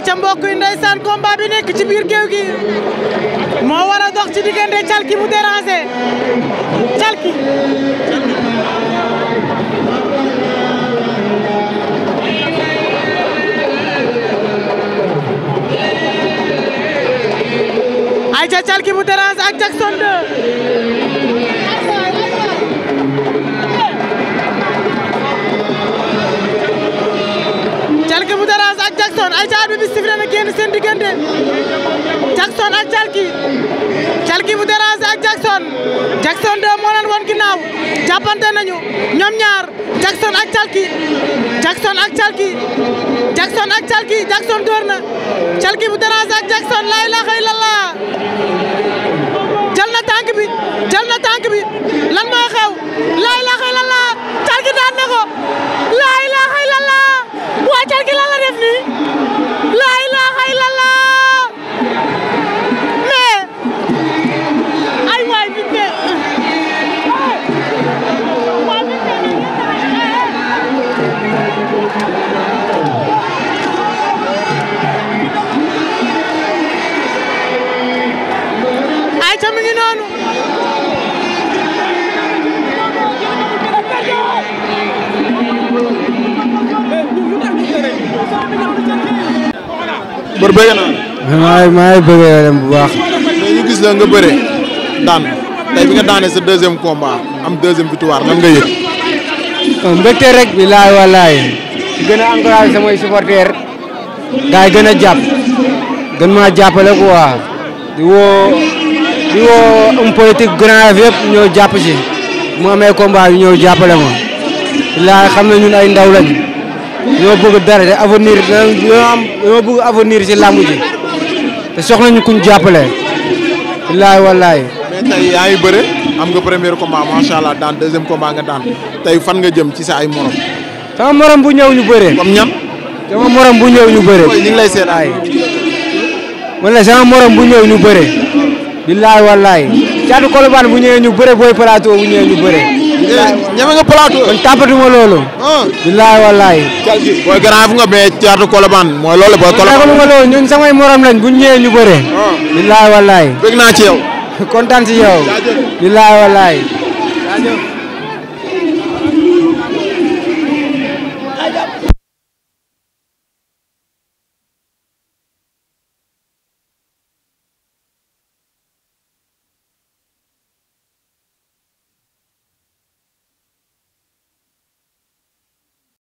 ay ca mbokk yi ndeysaan combat bi nekk ci biir géew gi moo war a dox ci diggante calki bu dérangé calki ay ca calki bu dérangé ak Jackson 2 Jackson ay caabi bi sifle na génn seen diggante Jackson ak Calki Calki bu déranger ak Jackson Jackson de moo leen woon ginnaaw jàppante nañu ñoom ñaar Jackson ak Calki Jackson ak Calki Jackson ak Calki Jackson door na Calki bu déranger ak Jackson lay la xëy mbër bëgg naa. maa maa ngi bu baax. mais ñu gis la nga bëre daan tey bi nga daanee sa deuxième combat am deuxième victoire lan nga yëg. mbégte rek bi laay walaay. gën a encouragé samay supporters. gars yi jàpp. gën maa jàppale quoi. di woo di woo am politique grand yëpp ñoo jàpp ci. mu amee combat yi ñëw jàppale ma. laay xam ne ñun ay ndaw lañ. ñoo bëgg dara de avenir ñoo am avenir ci làmb te soxla ñu kuñ jàppale. billaahi wallaahi. mais tey yaa ngi bëre am nga premier combat macha allah daan deuxième combat nga daan tey fan nga jëm ci sa ay morom. sama morom bu ñëw ñu bëree. comme ñam. lay seet ay. man la sama morom bu ñëw ñu bëree. billaahi wallaahi. caatu kolobaan bu ñëwee ñu bëree booy plateau bu ñëwee ñu bëree. Eh, ñeme nga plateau. kon tàppatu ma loolu. Ah. bilaay walaay. booy gannaaw nga bee caatu Colobane mooy loolu booy. Colobane ma loolu ñun samay morom lañ bu ñu ñëwee ñu bëre. Ah. bilaay walaay. bëgg naa ci yow. kontaan ci yow. bilaay